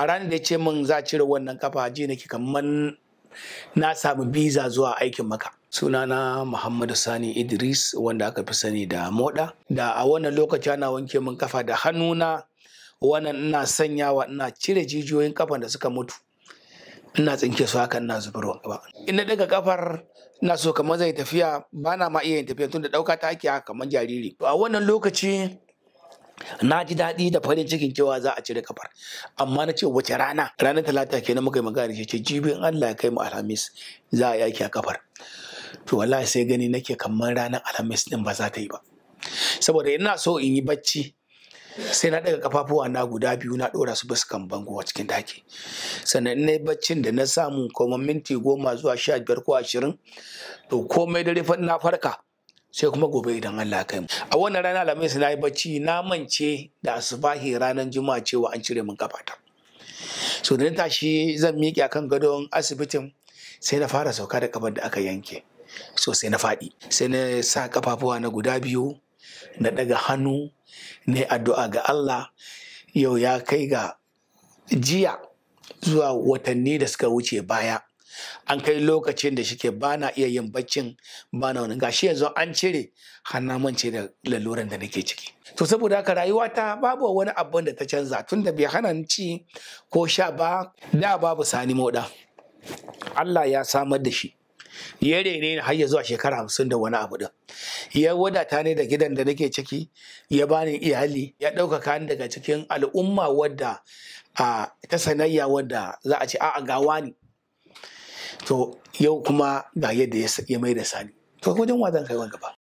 a ranar da ya ce min za cire wannan kafa ji nake kamar na samu biza zuwa aikin maka sunana muhammadu sani idris wanda aka fi sani da moda da a wannan lokaci ana wanke min kafa da hannuna wannan ina sanyawa ina cire jijiyoyin kafa da suka mutu ina tsinke su haka ina zubarwa ba ina daga kafar ina so kamar zai tafiya ba na ma iya yin tafiya tun da ɗauka ta ake haka kamar jariri a wannan lokaci na ji daɗi da farin cikin cewa za a cire kafar amma na ce wace rana ranar talata kenan muka yi magana ce jibin Allah ya kai mu alhamis za a yaki a kafar to wallahi sai gani nake kamar ranar alhamis din ba za ta yi ba saboda ina so in yi bacci sai na daga kafafuwa na guda biyu na dora su fuskan bango a cikin daki sannan na baccin da na samu kuma minti goma zuwa sha biyar ko ashirin to komai dare na farka sai kuma gobe idan Allah kai mu a wannan rana alhamis na yi bacci na mance da asubahi ranar juma'a cewa an cire min kafata so da na tashi zan miƙe akan gadon asibitin sai na fara sauka da kafar da aka yanke so sai na faɗi sai na sa kafafuwa na guda biyu na ɗaga hannu na addu'a ga Allah yau ya kai ga jiya zuwa watanni da suka wuce baya an kai lokacin da shike ba na iya yin baccin ba na wani gashi yanzu an cire man mance da laluran da nake ciki to saboda haka rayuwa ta babu wani abin da ta canza tun da bai hana ci ko sha ba da babu sani moda Allah ya samar da shi ya rene har ya zuwa shekara hamsin da wani abu din ya wadata ne da gidan da nake ciki ya bani iyali ya ɗaukaka ni daga cikin al'umma wadda ta sanayya wadda za a ce a gawa ne to yau kuma ga yadda ya mai da sani to wajen wa zan kai wani gaba